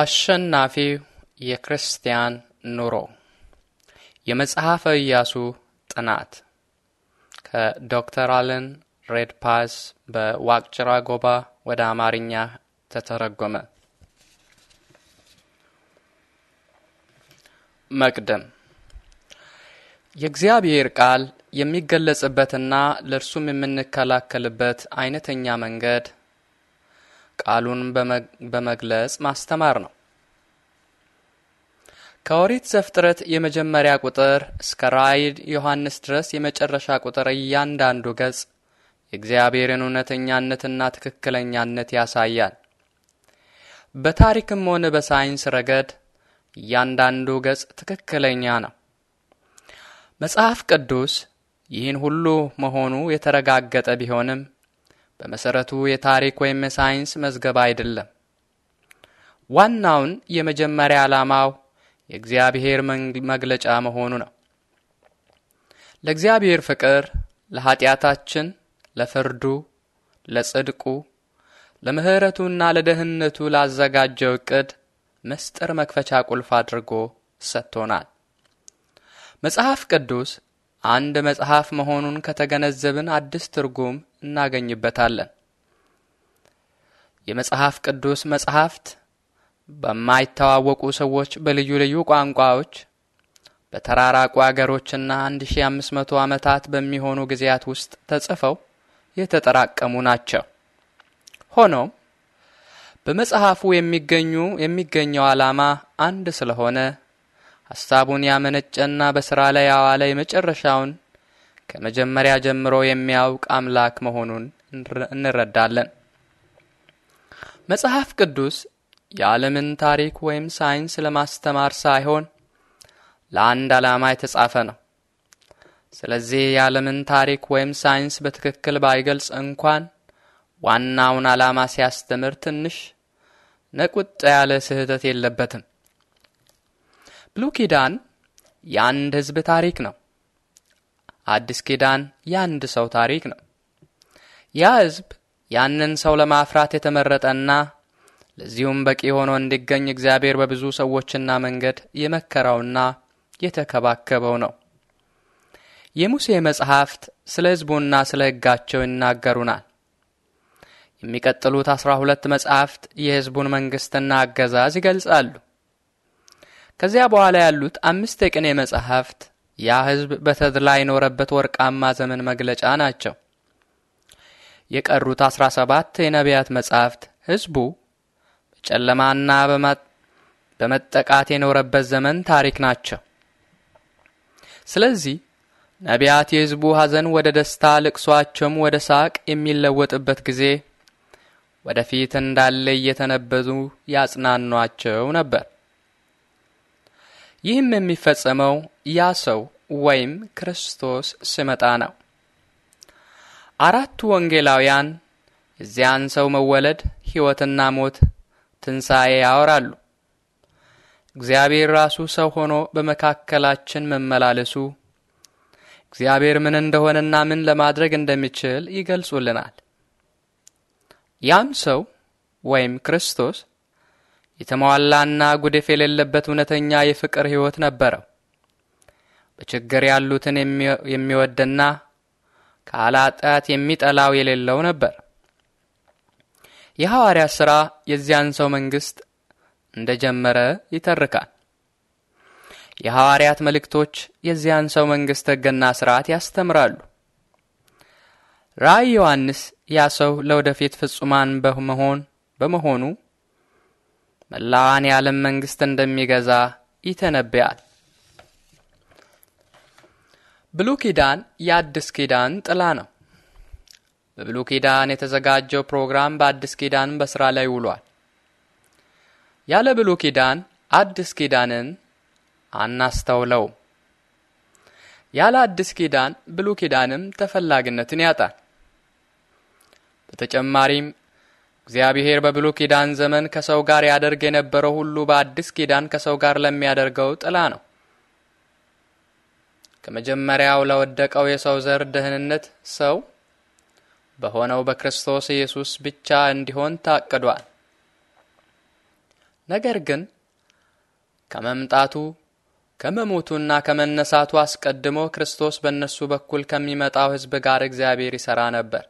አሸናፊው የክርስቲያን ኑሮ የመጽሐፈ ኢያሱ ጥናት ከዶክተር አለን ሬድፓስ በዋቅጭራ ጎባ ወደ አማርኛ ተተረጎመ። መቅደም የእግዚአብሔር ቃል የሚገለጽበትና ለእርሱም የምንከላከልበት አይነተኛ መንገድ ቃሉን በመግለጽ ማስተማር ነው። ከኦሪት ዘፍጥረት የመጀመሪያ ቁጥር እስከ ራእይ ዮሐንስ ድረስ የመጨረሻ ቁጥር እያንዳንዱ ገጽ የእግዚአብሔርን እውነተኛነትና ትክክለኛነት ያሳያል። በታሪክም ሆነ በሳይንስ ረገድ እያንዳንዱ ገጽ ትክክለኛ ነው። መጽሐፍ ቅዱስ ይህን ሁሉ መሆኑ የተረጋገጠ ቢሆንም በመሰረቱ የታሪክ ወይም የሳይንስ መዝገባ አይደለም። ዋናውን የመጀመሪያ ዓላማው የእግዚአብሔር መግለጫ መሆኑ ነው። ለእግዚአብሔር ፍቅር፣ ለኃጢአታችን፣ ለፍርዱ፣ ለጽድቁ፣ ለምሕረቱና ለደህንነቱ ላዘጋጀው ዕቅድ ምስጢር መክፈቻ ቁልፍ አድርጎ ሰጥቶናል። መጽሐፍ ቅዱስ አንድ መጽሐፍ መሆኑን ከተገነዘብን አዲስ ትርጉም እናገኝበታለን። የመጽሐፍ ቅዱስ መጽሐፍት በማይተዋወቁ ሰዎች በልዩ ልዩ ቋንቋዎች በተራራቁ አገሮችና 1500 ዓመታት በሚሆኑ ጊዜያት ውስጥ ተጽፈው የተጠራቀሙ ናቸው። ሆኖም በመጽሐፉ የሚገኙ የሚገኘው ዓላማ አንድ ስለሆነ ሐሳቡን ያመነጨና በሥራ ላይ ያዋለ የመጨረሻውን ከመጀመሪያ ጀምሮ የሚያውቅ አምላክ መሆኑን እንረዳለን። መጽሐፍ ቅዱስ የዓለምን ታሪክ ወይም ሳይንስ ለማስተማር ሳይሆን ለአንድ ዓላማ የተጻፈ ነው። ስለዚህ የዓለምን ታሪክ ወይም ሳይንስ በትክክል ባይገልጽ እንኳን ዋናውን ዓላማ ሲያስተምር ትንሽ ነቁጣ ያለ ስህተት የለበትም። ብሉይ ኪዳን የአንድ ህዝብ ታሪክ ነው። አዲስ ኪዳን የአንድ ሰው ታሪክ ነው። ያ ህዝብ ያንን ሰው ለማፍራት የተመረጠና ለዚሁም በቂ ሆኖ እንዲገኝ እግዚአብሔር በብዙ ሰዎችና መንገድ የመከረውና የተከባከበው ነው። የሙሴ መጽሐፍት ስለ ህዝቡና ስለ ህጋቸው ይናገሩናል። የሚቀጥሉት አስራ ሁለት መጽሐፍት የህዝቡን መንግስትና አገዛዝ ይገልጻሉ። ከዚያ በኋላ ያሉት አምስት የቅኔ መጻሕፍት ያ ሕዝብ በተድላ የኖረበት ወርቃማ ዘመን መግለጫ ናቸው። የቀሩት አስራ ሰባት የነቢያት መጻሕፍት ሕዝቡ በጨለማና በመጠቃት የኖረበት ዘመን ታሪክ ናቸው። ስለዚህ ነቢያት የሕዝቡ ሐዘን ወደ ደስታ፣ ልቅሷቸውም ወደ ሳቅ የሚለወጥበት ጊዜ ወደፊት እንዳለ እየተነበዙ ያጽናኗቸው ነበር። ይህም የሚፈጸመው ያ ሰው ወይም ክርስቶስ ሲመጣ ነው። አራቱ ወንጌላውያን የዚያን ሰው መወለድ፣ ሕይወትና ሞት፣ ትንሣኤ ያወራሉ። እግዚአብሔር ራሱ ሰው ሆኖ በመካከላችን መመላለሱ እግዚአብሔር ምን እንደሆነና ምን ለማድረግ እንደሚችል ይገልጹልናል። ያም ሰው ወይም ክርስቶስ የተሟላና ጉድፍ የሌለበት እውነተኛ የፍቅር ሕይወት ነበረው። በችግር ያሉትን የሚወድና ካላጣት የሚጠላው የሌለው ነበር። የሐዋርያ ሥራ የዚያን ሰው መንግሥት እንደ ጀመረ ይተርካል። የሐዋርያት መልእክቶች የዚያን ሰው መንግሥት ሕግና ሥርዓት ያስተምራሉ። ራእይ ዮሐንስ ያ ሰው ለወደፊት ፍጹማን በመሆን በመሆኑ መላዋን የዓለም መንግሥት እንደሚገዛ ይተነብያል። ብሉ ኪዳን የአዲስ ኪዳን ጥላ ነው። በብሉ ኪዳን የተዘጋጀው ፕሮግራም በአዲስ ኪዳን በሥራ ላይ ውሏል። ያለ ብሉ ኪዳን አዲስ ኪዳንን አናስተውለውም። ያለ አዲስ ኪዳን ብሉ ኪዳንም ተፈላጊነትን ያጣል። በተጨማሪም እግዚአብሔር በብሉ ኪዳን ዘመን ከሰው ጋር ያደርግ የነበረው ሁሉ በአዲስ ኪዳን ከሰው ጋር ለሚያደርገው ጥላ ነው። ከመጀመሪያው ለወደቀው የሰው ዘር ደህንነት ሰው በሆነው በክርስቶስ ኢየሱስ ብቻ እንዲሆን ታቅዷል። ነገር ግን ከመምጣቱ ከመሞቱና ከመነሳቱ አስቀድሞ ክርስቶስ በእነሱ በኩል ከሚመጣው ሕዝብ ጋር እግዚአብሔር ይሠራ ነበር።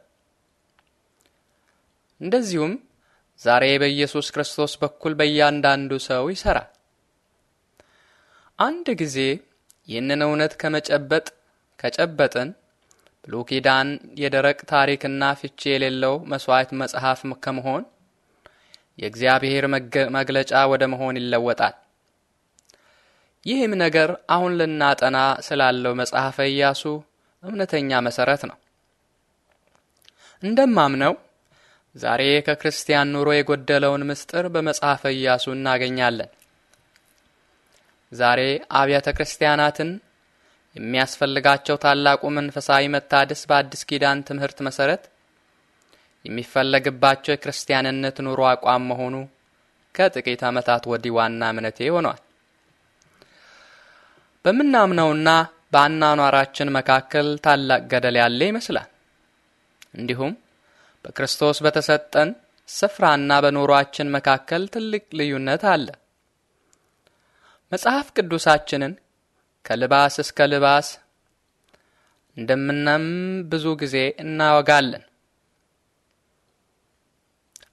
እንደዚሁም ዛሬ በኢየሱስ ክርስቶስ በኩል በእያንዳንዱ ሰው ይሰራል። አንድ ጊዜ ይህንን እውነት ከመጨበጥ ከጨበጥን ብሉይ ኪዳን የደረቅ ታሪክና ፍቺ የሌለው መስዋዕት መጽሐፍ ከመሆን የእግዚአብሔር መግለጫ ወደ መሆን ይለወጣል። ይህም ነገር አሁን ልናጠና ስላለው መጽሐፈ ኢያሱ እውነተኛ መሰረት ነው። እንደማምነው ዛሬ ከክርስቲያን ኑሮ የጎደለውን ምስጢር በመጽሐፈ ኢያሱ እናገኛለን። ዛሬ አብያተ ክርስቲያናትን የሚያስፈልጋቸው ታላቁ መንፈሳዊ መታደስ በአዲስ ኪዳን ትምህርት መሰረት የሚፈለግባቸው የክርስቲያንነት ኑሮ አቋም መሆኑ ከጥቂት ዓመታት ወዲህ ዋና እምነቴ ሆኗል። በምናምነውና በአናኗራችን መካከል ታላቅ ገደል ያለ ይመስላል። እንዲሁም በክርስቶስ በተሰጠን ስፍራና በኑሯችን መካከል ትልቅ ልዩነት አለ። መጽሐፍ ቅዱሳችንን ከልባስ እስከ ልባስ እንደምናም ብዙ ጊዜ እናወጋለን።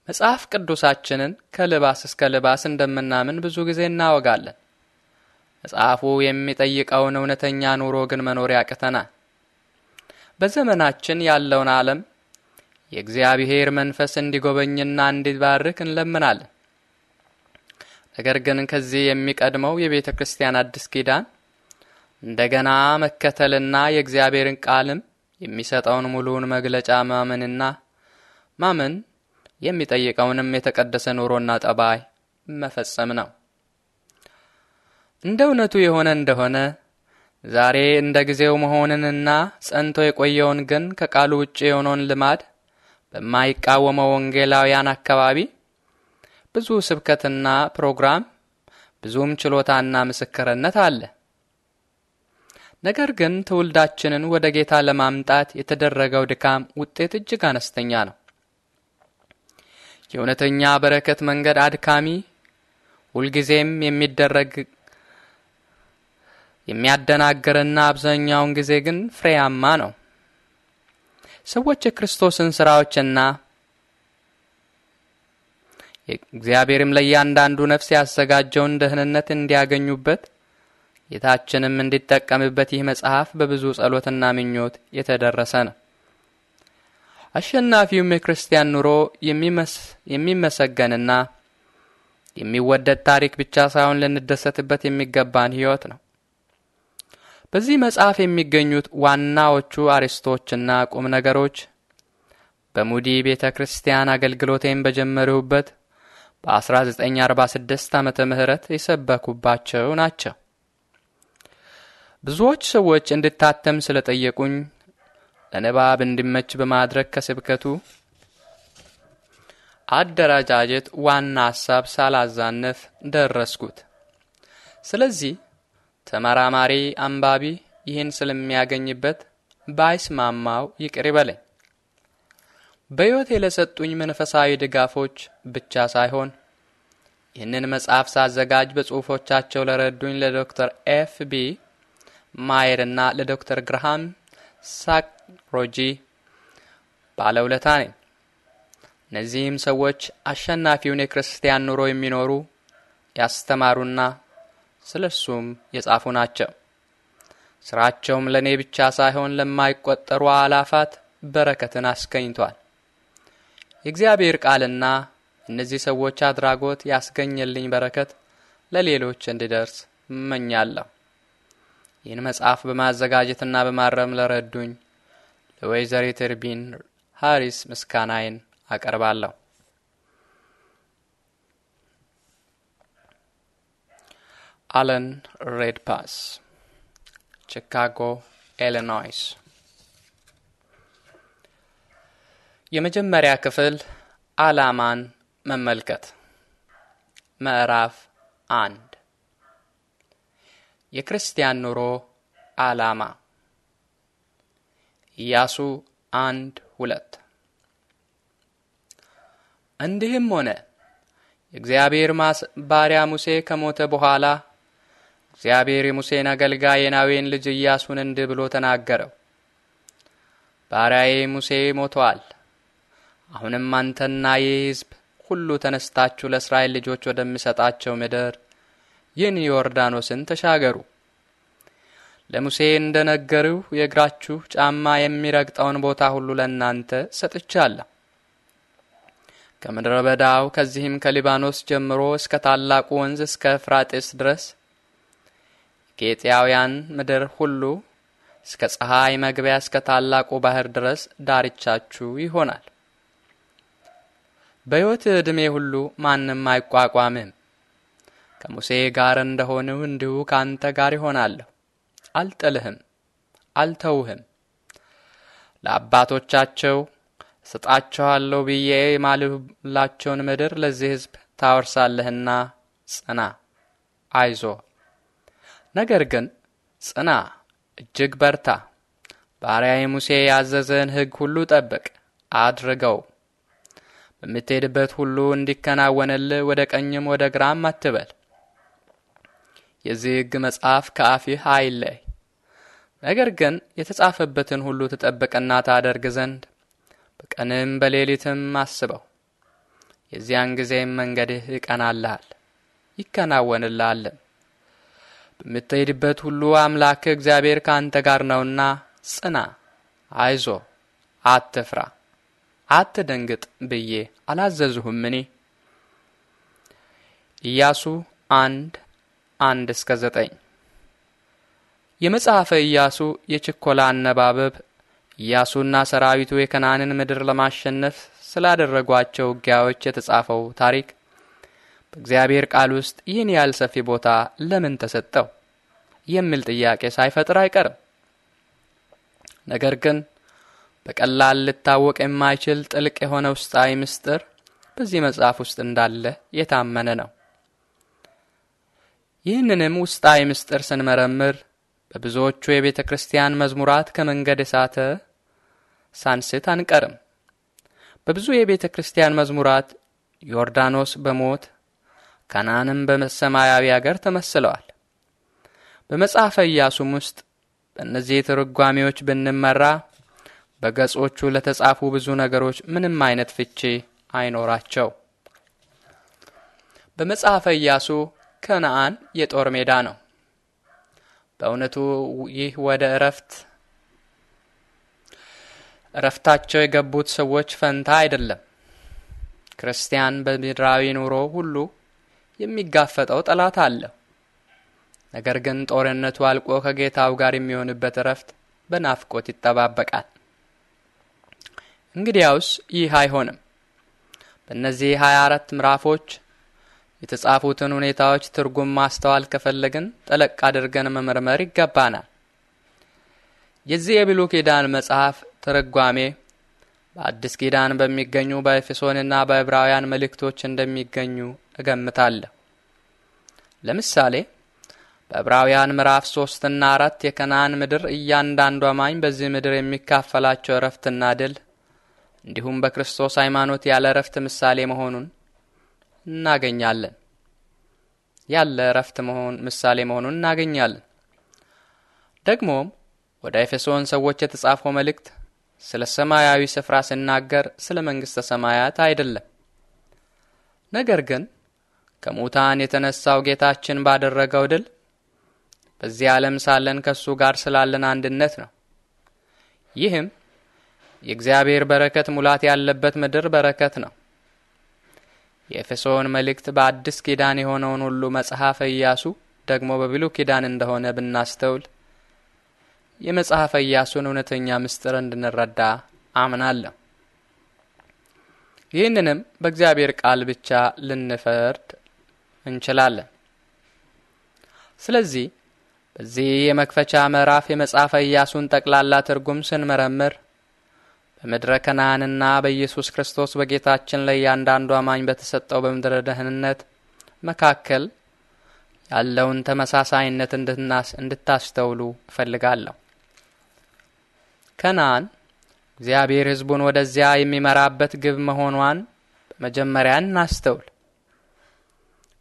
መጽሐፍ ቅዱሳችንን ከልባስ እስከ ልባስ እንደምናምን ብዙ ጊዜ እናወጋለን። መጽሐፉ የሚጠይቀውን እውነተኛ ኑሮ ግን መኖር ያቅተናል። በዘመናችን ያለውን ዓለም የእግዚአብሔር መንፈስ እንዲጎበኝና እንዲባርክ እንለምናለን። ነገር ግን ከዚህ የሚቀድመው የቤተ ክርስቲያን አዲስ ኪዳን እንደገና መከተልና የእግዚአብሔርን ቃልም የሚሰጠውን ሙሉውን መግለጫ ማመንና ማመን የሚጠይቀውንም የተቀደሰ ኑሮና ጠባይ መፈጸም ነው። እንደ እውነቱ የሆነ እንደሆነ ዛሬ እንደ ጊዜው መሆንንና ጸንቶ የቆየውን ግን ከቃሉ ውጭ የሆነውን ልማድ በማይቃወመው ወንጌላውያን አካባቢ ብዙ ስብከትና ፕሮግራም ብዙም ችሎታና ምስክርነት አለ። ነገር ግን ትውልዳችንን ወደ ጌታ ለማምጣት የተደረገው ድካም ውጤት እጅግ አነስተኛ ነው። የእውነተኛ በረከት መንገድ አድካሚ፣ ሁልጊዜም የሚደረግ የሚያደናግርና አብዛኛውን ጊዜ ግን ፍሬያማ ነው። ሰዎች የክርስቶስን ሥራዎችና እግዚአብሔርም ለእያንዳንዱ ነፍስ ያዘጋጀውን ደህንነት እንዲያገኙበት ጌታችንም እንዲጠቀምበት ይህ መጽሐፍ በብዙ ጸሎትና ምኞት የተደረሰ ነው። አሸናፊውም የክርስቲያን ኑሮ የሚመሰገንና የሚወደድ ታሪክ ብቻ ሳይሆን ልንደሰትበት የሚገባን ሕይወት ነው። በዚህ መጽሐፍ የሚገኙት ዋናዎቹ አርዕስቶችና ቁም ነገሮች በሙዲ ቤተ ክርስቲያን አገልግሎቴን በጀመርሁበት በ1946 ዓመተ ምህረት የሰበኩባቸው ናቸው። ብዙዎች ሰዎች እንድታተም ስለጠየቁኝ ለንባብ እንዲመች በማድረግ ከስብከቱ አደረጃጀት ዋና ሐሳብ ሳላዛነፍ ደረስኩት። ስለዚህ ተመራማሪ አንባቢ ይህን ስለሚያገኝበት ባይስማማው ይቅር ይበለኝ። በሕይወቴ ለሰጡኝ መንፈሳዊ ድጋፎች ብቻ ሳይሆን ይህንን መጽሐፍ ሳዘጋጅ በጽሑፎቻቸው ለረዱኝ ለዶክተር ኤፍ ቢ ማየር እና ለዶክተር ግርሃም ሳክሮጂ ባለውለታ ነኝ። እነዚህም ሰዎች አሸናፊውን የክርስቲያን ኑሮ የሚኖሩ ያስተማሩና ስለ የጻፉ ናቸው። ስራቸውም ለእኔ ብቻ ሳይሆን ለማይቆጠሩ አላፋት በረከትን አስገኝቷል። የእግዚአብሔር ቃልና እነዚህ ሰዎች አድራጎት ያስገኘልኝ በረከት ለሌሎች እንዲደርስ እመኛለሁ። ይህን መጽሐፍ በማዘጋጀትና በማረም ለረዱኝ ለወይዘሪት ርቢን ሃሪስ ምስጋናዬን አቀርባለሁ። አለን ሬድፓስ ቺካጎ ኢሊኖይስ የመጀመሪያ ክፍል ዓላማን መመልከት ምዕራፍ አንድ የክርስቲያን ኑሮ ዓላማ ኢያሱ አንድ ሁለት እንዲህም ሆነ የእግዚአብሔር ባሪያ ሙሴ ከሞተ በኋላ እግዚአብሔር የሙሴን አገልጋይ የናዌን ልጅ ኢያሱን እንዲህ ብሎ ተናገረው። ባሪያዬ ሙሴ ሞቷል። አሁንም አንተና ይህ ሕዝብ ሁሉ ተነስታችሁ ለእስራኤል ልጆች ወደሚሰጣቸው ምድር ይህን ዮርዳኖስን ተሻገሩ። ለሙሴ እንደ ነገርሁ የእግራችሁ ጫማ የሚረግጠውን ቦታ ሁሉ ለእናንተ ሰጥቻለሁ። ከምድረ በዳው ከዚህም ከሊባኖስ ጀምሮ እስከ ታላቁ ወንዝ እስከ ፍራጤስ ድረስ ኬጢያውያን ምድር ሁሉ እስከ ፀሐይ መግቢያ እስከ ታላቁ ባህር ድረስ ዳርቻችሁ ይሆናል። በሕይወት ዕድሜ ሁሉ ማንም አይቋቋምም። ከሙሴ ጋር እንደሆንሁ እንዲሁ ከአንተ ጋር ይሆናለሁ። አልጥልህም፣ አልተውህም። ለአባቶቻቸው እሰጣችኋለሁ ብዬ የማልሁላቸውን ምድር ለዚህ ሕዝብ ታወርሳለህና ጽና፣ አይዞ ነገር ግን ጽና፣ እጅግ በርታ፣ ባሪያዬ ሙሴ ያዘዘን ሕግ ሁሉ ጠብቅ አድርገው በምትሄድበት ሁሉ እንዲከናወንልህ ወደ ቀኝም ወደ ግራም አትበል። የዚህ ሕግ መጽሐፍ ከአፍህ አይለይ። ነገር ግን የተጻፈበትን ሁሉ ትጠብቅና ታደርግ ዘንድ በቀንም በሌሊትም አስበው። የዚያን ጊዜም መንገድህ ይቀናልሃል ይከናወንልሃልም። በምትሄድበት ሁሉ አምላክ እግዚአብሔር ከአንተ ጋር ነውና ጽና፣ አይዞ፣ አትፍራ፣ አትደንግጥ ብዬ አላዘዝሁም እኔ ኢያሱ አንድ አንድ እስከ ዘጠኝ የመጽሐፈ ኢያሱ የችኮላ አነባበብ ኢያሱና ሰራዊቱ የከናንን ምድር ለማሸነፍ ስላደረጓቸው ውጊያዎች የተጻፈው ታሪክ በእግዚአብሔር ቃል ውስጥ ይህን ያህል ሰፊ ቦታ ለምን ተሰጠው የሚል ጥያቄ ሳይፈጥር አይቀርም። ነገር ግን በቀላል ልታወቅ የማይችል ጥልቅ የሆነ ውስጣዊ ምስጢር በዚህ መጽሐፍ ውስጥ እንዳለ የታመነ ነው። ይህንንም ውስጣዊ ምስጢር ስንመረምር በብዙዎቹ የቤተ ክርስቲያን መዝሙራት ከመንገድ እሳተ ሳንስት አንቀርም። በብዙ የቤተ ክርስቲያን መዝሙራት ዮርዳኖስ በሞት ከነዓንም በሰማያዊ አገር ተመስለዋል። በመጽሐፈ ኢያሱም ውስጥ በእነዚህ ትርጓሜዎች ብንመራ በገጾቹ ለተጻፉ ብዙ ነገሮች ምንም አይነት ፍቺ አይኖራቸው። በመጽሐፈ ኢያሱ ከነአን የጦር ሜዳ ነው። በእውነቱ ይህ ወደ እረፍት እረፍታቸው የገቡት ሰዎች ፈንታ አይደለም። ክርስቲያን በምድራዊ ኑሮ ሁሉ የሚጋፈጠው ጠላት አለ። ነገር ግን ጦርነቱ አልቆ ከጌታው ጋር የሚሆንበት እረፍት በናፍቆት ይጠባበቃል። እንግዲያውስ ይህ አይሆንም። በእነዚህ 24 ምዕራፎች የተጻፉትን ሁኔታዎች ትርጉም ማስተዋል ከፈለግን ጠለቅ አድርገን መመርመር ይገባናል። የዚህ የብሉይ ኪዳን መጽሐፍ ትርጓሜ በአዲስ ኪዳን በሚገኙ በኤፌሶንና በዕብራውያን መልእክቶች እንደሚገኙ እገምታለሁ። ለምሳሌ በዕብራውያን ምዕራፍ ሶስትና አራት የከነአን ምድር እያንዳንዱ አማኝ በዚህ ምድር የሚካፈላቸው እረፍትና ድል እንዲሁም በክርስቶስ ሃይማኖት ያለ እረፍት ምሳሌ መሆኑን እናገኛለን ያለ እረፍት መሆን ምሳሌ መሆኑን እናገኛለን። ደግሞም ወደ ኤፌሶን ሰዎች የተጻፈው መልእክት ስለ ሰማያዊ ስፍራ ሲናገር ስለ መንግሥተ ሰማያት አይደለም፣ ነገር ግን ከሙታን የተነሳው ጌታችን ባደረገው ድል በዚህ ዓለም ሳለን ከእሱ ጋር ስላለን አንድነት ነው። ይህም የእግዚአብሔር በረከት ሙላት ያለበት ምድር በረከት ነው። የኤፌሶን መልእክት በአዲስ ኪዳን የሆነውን ሁሉ መጽሐፈ ኢያሱ ደግሞ በብሉይ ኪዳን እንደሆነ ብናስተውል የመጽሐፈ ኢያሱን እውነተኛ ምስጢር እንድንረዳ አምናለሁ። ይህንንም በእግዚአብሔር ቃል ብቻ ልንፈርድ እንችላለን። ስለዚህ በዚህ የመክፈቻ ምዕራፍ የመጽሐፈ ኢያሱን ጠቅላላ ትርጉም ስንመረምር በምድረ ከነዓንና በኢየሱስ ክርስቶስ በጌታችን ላይ እያንዳንዱ አማኝ በተሰጠው በምድረ ደህንነት መካከል ያለውን ተመሳሳይነት እንድታስተውሉ እፈልጋለሁ። ከናን እግዚአብሔር ሕዝቡን ወደዚያ የሚመራበት ግብ መሆኗን በመጀመሪያ እናስተውል።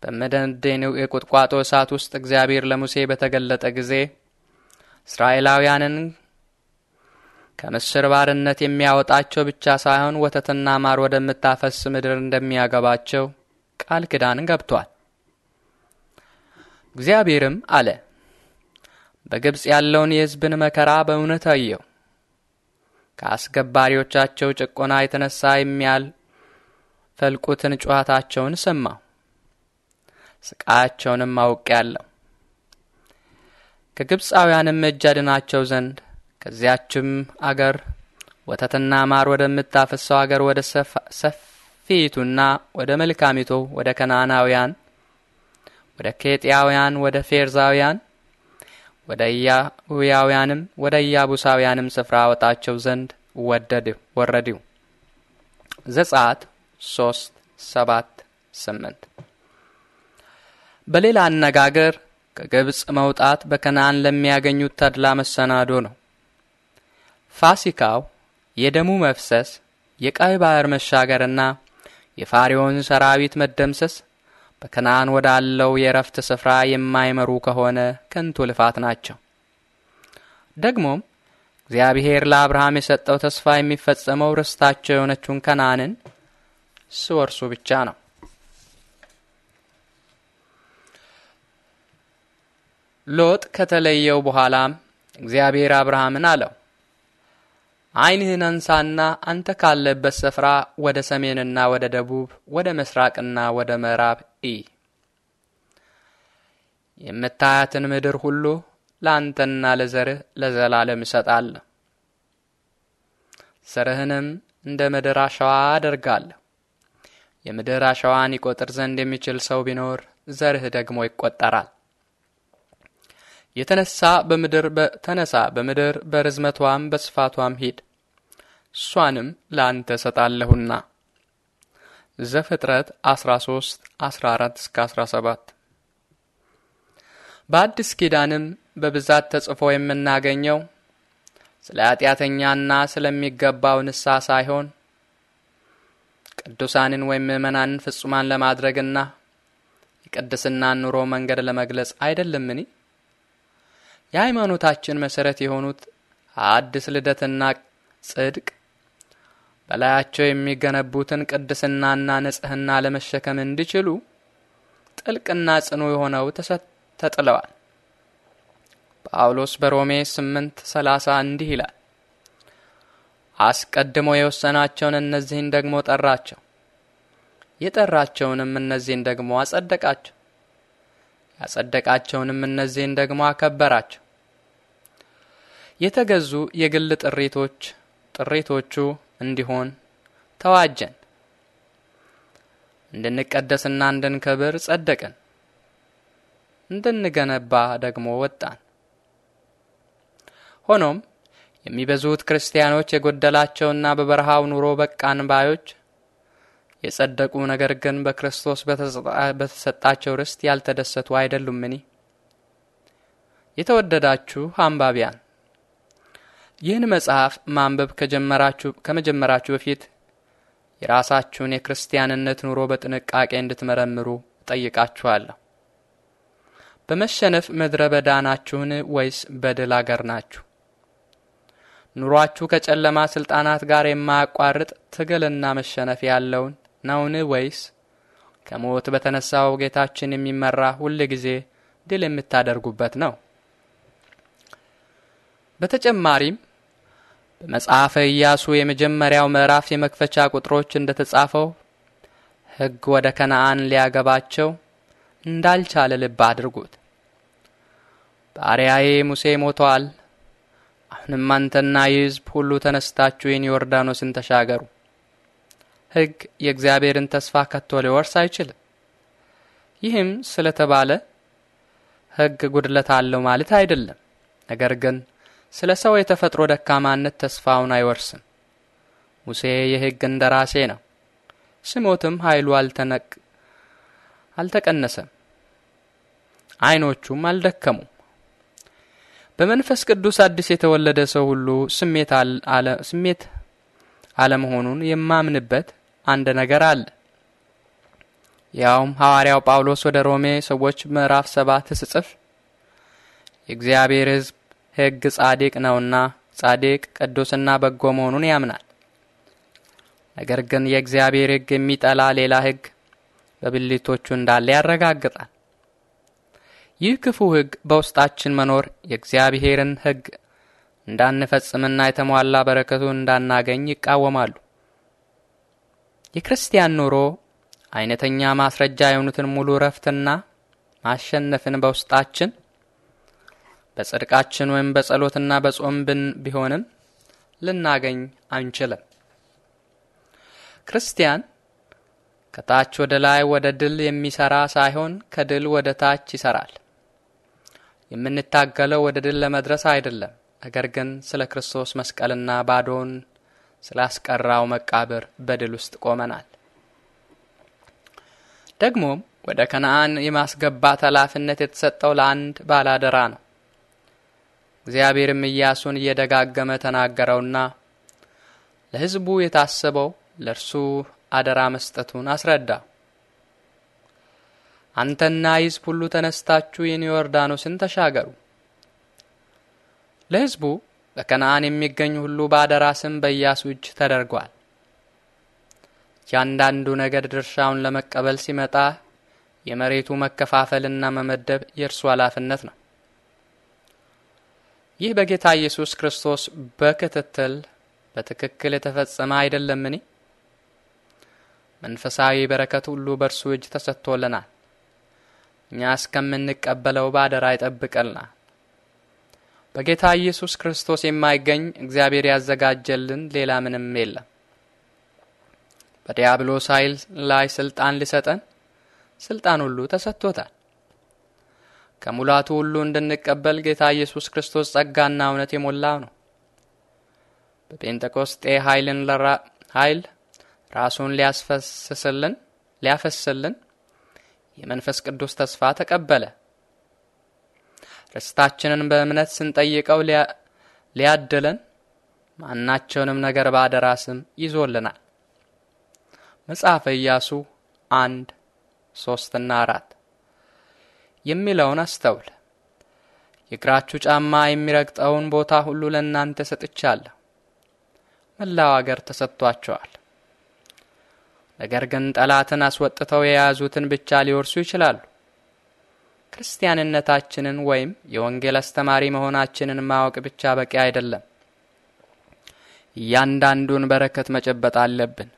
በሚደነድነው የቁጥቋጦ እሳት ውስጥ እግዚአብሔር ለሙሴ በተገለጠ ጊዜ እስራኤላውያንን ከምስር ባርነት የሚያወጣቸው ብቻ ሳይሆን ወተትና ማር ወደምታፈስ ምድር እንደሚያገባቸው ቃል ኪዳንን ገብቷል። እግዚአብሔርም አለ፣ በግብፅ ያለውን የሕዝብን መከራ በእውነት አየው። ከአስገባሪዎቻቸው ጭቆና የተነሳ የሚያል ፈልቁትን ጩኸታቸውን ሰማሁ። ስቃያቸውንም አውቄአለሁ። ከግብፃውያንም እጅ አድናቸው ዘንድ ከዚያችም አገር ወተትና ማር ወደምታፈሰው አገር ወደ ሰፊቱና ወደ መልካሚቱ ወደ ከናናውያን፣ ወደ ኬጢያውያን፣ ወደ ፌርዛውያን፣ ወደ ኢያቡያውያንም ወደ ኢያቡሳውያንም ስፍራ አወጣቸው ዘንድ ወደድው ወረድው ዘጸአት ሶስት ሰባት ስምንት በሌላ አነጋገር ከግብፅ መውጣት በከነአን ለሚያገኙት ተድላ መሰናዶ ነው። ፋሲካው የደሙ መፍሰስ፣ የቀይ ባህር መሻገርና የፋሪዮን ሰራዊት መደምሰስ በከነአን ወዳለው የእረፍት ስፍራ የማይመሩ ከሆነ ከንቱ ልፋት ናቸው። ደግሞም እግዚአብሔር ለአብርሃም የሰጠው ተስፋ የሚፈጸመው ርስታቸው የሆነችውን ከነአንን ሲወርሱ ብቻ ነው። ሎጥ ከተለየው በኋላም እግዚአብሔር አብርሃምን አለው፣ ዓይንህን አንሳና አንተ ካለበት ስፍራ ወደ ሰሜንና ወደ ደቡብ፣ ወደ ምስራቅና ወደ ምዕራብ ኢ የምታያትን ምድር ሁሉ ለአንተና ለዘርህ ለዘላለም እሰጣለሁ። ዘርህንም እንደ ምድር አሸዋ አደርጋለሁ። የምድር አሸዋን ይቆጥር ዘንድ የሚችል ሰው ቢኖር ዘርህ ደግሞ ይቆጠራል። የተነሳ በምድር ተነሳ በምድር በርዝመቷም በስፋቷም ሂድ እሷንም ለአንተ ሰጣለሁና ዘፍጥረት 13 14 እስከ 17 በአዲስ ኪዳንም በብዛት ተጽፎ የምናገኘው ስለ ኃጢአተኛና ስለሚገባው ንስሐ ሳይሆን ቅዱሳንን ወይም ምእመናንን ፍጹማን ለማድረግና የቅድስናን ኑሮ መንገድ ለመግለጽ አይደለምኒ? የሃይማኖታችን መሰረት የሆኑት አዲስ ልደትና ጽድቅ በላያቸው የሚገነቡትን ቅድስናና ንጽህና ለመሸከም እንዲችሉ ጥልቅና ጽኑ የሆነው ተጥለዋል። ጳውሎስ በሮሜ 30 እንዲህ ይላል፣ አስቀድሞ የወሰናቸውን እነዚህን ደግሞ ጠራቸው፣ የጠራቸውንም እነዚህን ደግሞ አጸደቃቸው። ያጸደቃቸውንም እነዚህን ደግሞ አከበራቸው። የተገዙ የግል ጥሪቶች ጥሪቶቹ እንዲሆን ተዋጀን፣ እንድንቀደስና እንድንከብር ጸደቅን፣ እንድንገነባ ደግሞ ወጣን። ሆኖም የሚበዙት ክርስቲያኖች የጎደላቸውና በበረሃው ኑሮ በቃን ባዮች የጸደቁ ነገር ግን በክርስቶስ በተሰጣቸው ርስት ያልተደሰቱ አይደሉምን? የተወደዳችሁ አንባቢያን ይህን መጽሐፍ ማንበብ ከመጀመራችሁ በፊት የራሳችሁን የክርስቲያንነት ኑሮ በጥንቃቄ እንድትመረምሩ እጠይቃችኋለሁ። በመሸነፍ ምድረ በዳ ናችሁን ወይስ በድል አገር ናችሁ? ኑሯችሁ ከጨለማ ስልጣናት ጋር የማያቋርጥ ትግልና መሸነፍ ያለውን ነውን? ወይስ ከሞት በተነሳው ጌታችን የሚመራ ሁል ጊዜ ድል የምታደርጉበት ነው? በተጨማሪም በመጽሐፈ ኢያሱ የመጀመሪያው ምዕራፍ የመክፈቻ ቁጥሮች እንደተጻፈው ሕግ ወደ ከነአን ሊያገባቸው እንዳልቻለ ልብ አድርጉት። ባሪያዬ ሙሴ ሞተዋል። አሁንም አንተና ይህ ሕዝብ ሁሉ ተነስታችሁ ይህን ዮርዳኖስን ተሻገሩ ሕግ የእግዚአብሔርን ተስፋ ከቶ ሊወርስ አይችልም። ይህም ስለተባለ ሕግ ጉድለት አለው ማለት አይደለም። ነገር ግን ስለ ሰው የተፈጥሮ ደካማነት ተስፋውን አይወርስም። ሙሴ የሕግ እንደራሴ ነው፣ ስሞትም ኃይሉ አልተነቅ አልተቀነሰም፣ አይኖቹም አልደከሙም። በመንፈስ ቅዱስ አዲስ የተወለደ ሰው ሁሉ ስሜት አለመሆኑን የማምንበት አንድ ነገር አለ። ያውም ሐዋርያው ጳውሎስ ወደ ሮሜ ሰዎች ምዕራፍ ሰባት ስጽፍ የእግዚአብሔር ሕዝብ ሕግ ጻድቅ ነውና ጻድቅ ቅዱስና በጎ መሆኑን ያምናል። ነገር ግን የእግዚአብሔር ሕግ የሚጠላ ሌላ ሕግ በብልቶቹ እንዳለ ያረጋግጣል። ይህ ክፉ ሕግ በውስጣችን መኖር የእግዚአብሔርን ሕግ እንዳንፈጽምና የተሟላ በረከቱ እንዳናገኝ ይቃወማሉ። የክርስቲያን ኑሮ አይነተኛ ማስረጃ የሆኑትን ሙሉ እረፍትና ማሸነፍን በውስጣችን በጽድቃችን ወይም በጸሎትና በጾም ብን ቢሆንም ልናገኝ አንችልም። ክርስቲያን ከታች ወደ ላይ ወደ ድል የሚሰራ ሳይሆን ከድል ወደ ታች ይሰራል። የምንታገለው ወደ ድል ለመድረስ አይደለም፣ ነገር ግን ስለ ክርስቶስ መስቀልና ባዶን ስላስቀራው መቃብር በድል ውስጥ ቆመናል። ደግሞም ወደ ከነአን የማስገባት ኃላፊነት የተሰጠው ለአንድ ባላደራ ነው። እግዚአብሔርም ኢያሱን እየደጋገመ ተናገረውና ለሕዝቡ የታሰበው ለእርሱ አደራ መስጠቱን አስረዳ። አንተና ሕዝብ ሁሉ ተነስታችሁ የኒዮርዳኖስን ተሻገሩ። ለሕዝቡ በከነአን የሚገኝ ሁሉ በአደራ ስም በኢያሱ እጅ ተደርጓል። እያንዳንዱ ነገድ ድርሻውን ለመቀበል ሲመጣ የመሬቱ መከፋፈልና መመደብ የእርሱ ኃላፊነት ነው። ይህ በጌታ ኢየሱስ ክርስቶስ በክትትል በትክክል የተፈጸመ አይደለምን? መንፈሳዊ በረከት ሁሉ በእርሱ እጅ ተሰጥቶልናል። እኛ እስከምንቀበለው በአደራ ይጠብቀናል። በጌታ ኢየሱስ ክርስቶስ የማይገኝ እግዚአብሔር ያዘጋጀልን ሌላ ምንም የለም። በዲያብሎስ ኃይል ላይ ስልጣን ሊሰጠን ስልጣን ሁሉ ተሰጥቶታል። ከሙላቱ ሁሉ እንድንቀበል ጌታ ኢየሱስ ክርስቶስ ጸጋና እውነት የሞላው ነው። በጴንጠቆስጤ ኃይልን ኃይል ራሱን ሊያስፈስስልን ሊያፈስልን የመንፈስ ቅዱስ ተስፋ ተቀበለ። ደስታችንን በእምነት ስንጠይቀው ሊያድለን ማናቸውንም ነገር በአደራ ስም ይዞልናል። መጽሐፈ ኢያሱ አንድ ሶስትና አራት የሚለውን አስተውል። የእግራችሁ ጫማ የሚረግጠውን ቦታ ሁሉ ለእናንተ ሰጥቻለሁ፣ መላው አገር ተሰጥቷቸዋል። ነገር ግን ጠላትን አስወጥተው የያዙትን ብቻ ሊወርሱ ይችላሉ። ክርስቲያንነታችንን ወይም የወንጌል አስተማሪ መሆናችንን ማወቅ ብቻ በቂ አይደለም። እያንዳንዱን በረከት መጨበጥ አለብን።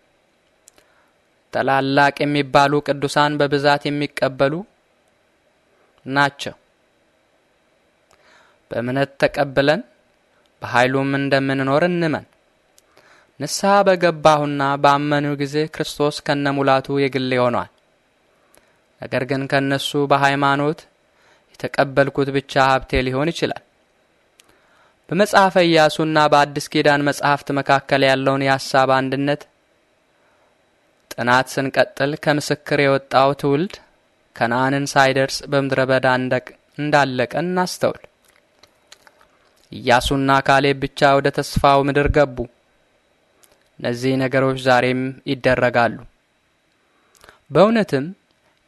ታላላቅ የሚባሉ ቅዱሳን በብዛት የሚቀበሉ ናቸው። በእምነት ተቀብለን በኃይሉም እንደምንኖር እንመን። ንስሐ በገባሁና ባመኑ ጊዜ ክርስቶስ ከነሙላቱ የግሌ ሆኗል። ነገር ግን ከእነሱ በሃይማኖት የተቀበልኩት ብቻ ሀብቴ ሊሆን ይችላል። በመጽሐፈ ኢያሱና በአዲስ ኪዳን መጽሐፍት መካከል ያለውን የሐሳብ አንድነት ጥናት ስንቀጥል ከምስክር የወጣው ትውልድ ከነአንን ሳይደርስ በምድረ በዳ እንዳለቀ እናስተውል። ኢያሱና ካሌብ ብቻ ወደ ተስፋው ምድር ገቡ። እነዚህ ነገሮች ዛሬም ይደረጋሉ። በእውነትም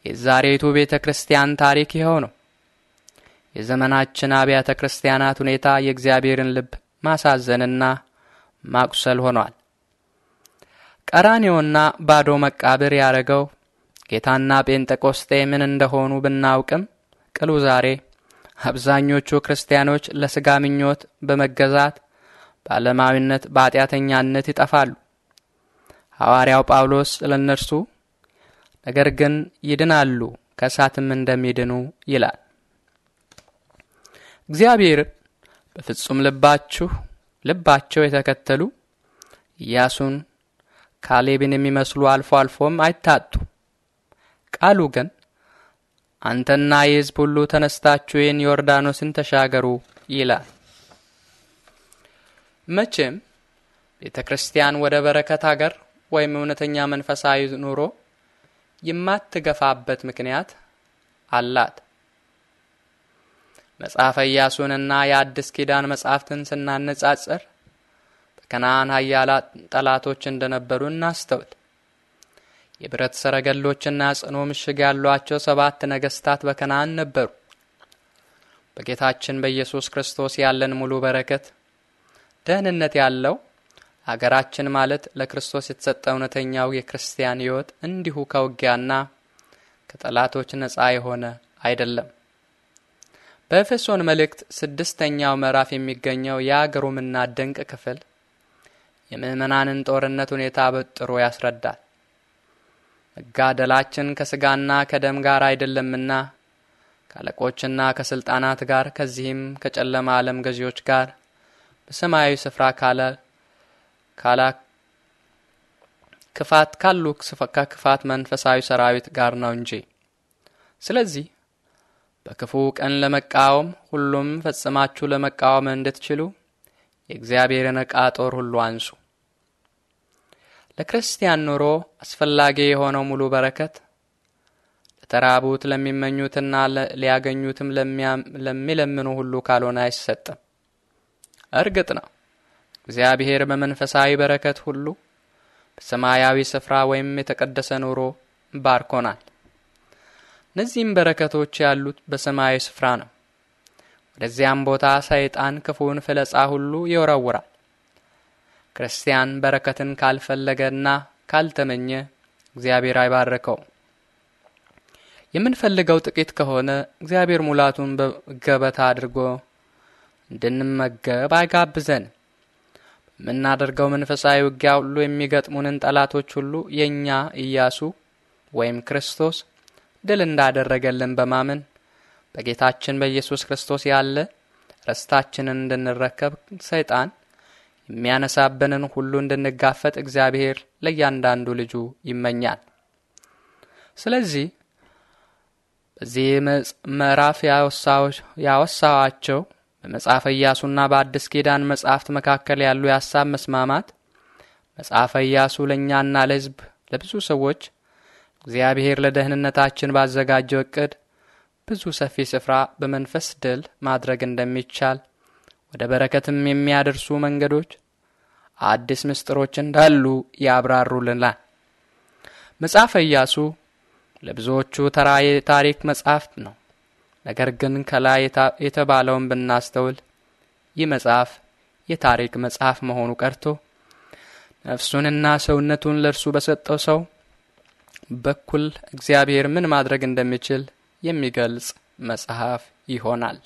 የዛሬቱ ቤተ ክርስቲያን ታሪክ ይኸው ነው። የዘመናችን አብያተ ክርስቲያናት ሁኔታ የእግዚአብሔርን ልብ ማሳዘንና ማቁሰል ሆኗል። ቀራኔውና ባዶ መቃብር ያደረገው ጌታና ጴንጠቆስጤ ምን እንደሆኑ ብናውቅም ቅሉ ዛሬ አብዛኞቹ ክርስቲያኖች ለሥጋ ምኞት በመገዛት በዓለማዊነት በኃጢአተኛነት ይጠፋሉ። ሐዋርያው ጳውሎስ ስለ እነርሱ ነገር ግን ይድናሉ ከእሳትም እንደሚድኑ ይላል። እግዚአብሔር በፍጹም ልባችሁ ልባቸው የተከተሉ ኢያሱን ካሌብን የሚመስሉ አልፎ አልፎም አይታጡ። ቃሉ ግን አንተና የሕዝብ ሁሉ ተነስታችሁ ይህን ዮርዳኖስን ተሻገሩ ይላል። መቼም ቤተ ክርስቲያን ወደ በረከት አገር ወይም እውነተኛ መንፈሳዊ ኑሮ የማትገፋበት ምክንያት አላት። መጽሐፈ ኢያሱንና የአዲስ ኪዳን መጽሐፍትን ስናነጻጽር በከነዓን ኃያላን ጠላቶች እንደነበሩ እናስተውል። የብረት ሰረገሎችና ጽኖ ምሽግ ያሏቸው ሰባት ነገስታት በከነዓን ነበሩ። በጌታችን በኢየሱስ ክርስቶስ ያለን ሙሉ በረከት ደህንነት ያለው አገራችን ማለት ለክርስቶስ የተሰጠ እውነተኛው የክርስቲያን ሕይወት እንዲሁ ከውጊያና ከጠላቶች ነፃ የሆነ አይደለም። በኤፌሶን መልእክት ስድስተኛው ምዕራፍ የሚገኘው የአገሩምና ድንቅ ክፍል የምዕመናንን ጦርነት ሁኔታ በጥሮ ያስረዳል። መጋደላችን ከስጋና ከደም ጋር አይደለምና ከአለቆችና ከስልጣናት ጋር ከዚህም ከጨለማ ዓለም ገዢዎች ጋር በሰማያዊ ስፍራ ካለ ካላ ክፋት ካሉ ከክፋት መንፈሳዊ ሰራዊት ጋር ነው እንጂ። ስለዚህ በክፉ ቀን ለመቃወም ሁሉም ፈጽማችሁ ለመቃወም እንድትችሉ የእግዚአብሔርን ዕቃ ጦር ሁሉ አንሱ። ለክርስቲያን ኑሮ አስፈላጊ የሆነው ሙሉ በረከት ለተራቡት ለሚመኙትና ሊያገኙትም ለሚለምኑ ሁሉ ካልሆነ አይሰጥም። እርግጥ ነው እግዚአብሔር በመንፈሳዊ በረከት ሁሉ በሰማያዊ ስፍራ ወይም የተቀደሰ ኑሮ ባርኮናል። እነዚህም በረከቶች ያሉት በሰማያዊ ስፍራ ነው። ወደዚያም ቦታ ሰይጣን ክፉን ፍለጻ ሁሉ ይወረውራል። ክርስቲያን በረከትን ካልፈለገና ካልተመኘ እግዚአብሔር አይባርከው የምንፈልገው ጥቂት ከሆነ እግዚአብሔር ሙላቱን በገበታ አድርጎ እንድንመገብ አይጋብዘን! በምናደርገው መንፈሳዊ ውጊያ ሁሉ የሚገጥሙንን ጠላቶች ሁሉ የእኛ ኢያሱ ወይም ክርስቶስ ድል እንዳደረገልን በማመን በጌታችን በኢየሱስ ክርስቶስ ያለ ርስታችንን እንድንረከብ ሰይጣን የሚያነሳብንን ሁሉ እንድንጋፈጥ እግዚአብሔር ለእያንዳንዱ ልጁ ይመኛል። ስለዚህ በዚህ ምዕራፍ ያወሳዋቸው በመጽሐፈ ኢያሱና በአዲስ ኪዳን መጽሐፍት መካከል ያሉ የሐሳብ መስማማት መጽሐፈ ኢያሱ ለእኛና ለሕዝብ ለብዙ ሰዎች እግዚአብሔር ለደህንነታችን ባዘጋጀው እቅድ ብዙ ሰፊ ስፍራ በመንፈስ ድል ማድረግ እንደሚቻል ወደ በረከትም የሚያደርሱ መንገዶች አዲስ ምስጢሮች እንዳሉ ያብራሩልናል። መጽሐፈ ኢያሱ ለብዙዎቹ ተራ የታሪክ መጽሐፍ ነው። ነገር ግን ከላይ የተባለውን ብናስተውል ይህ መጽሐፍ የታሪክ መጽሐፍ መሆኑ ቀርቶ ነፍሱንና ሰውነቱን ለእርሱ በሰጠው ሰው በኩል እግዚአብሔር ምን ማድረግ እንደሚችል የሚገልጽ መጽሐፍ ይሆናል።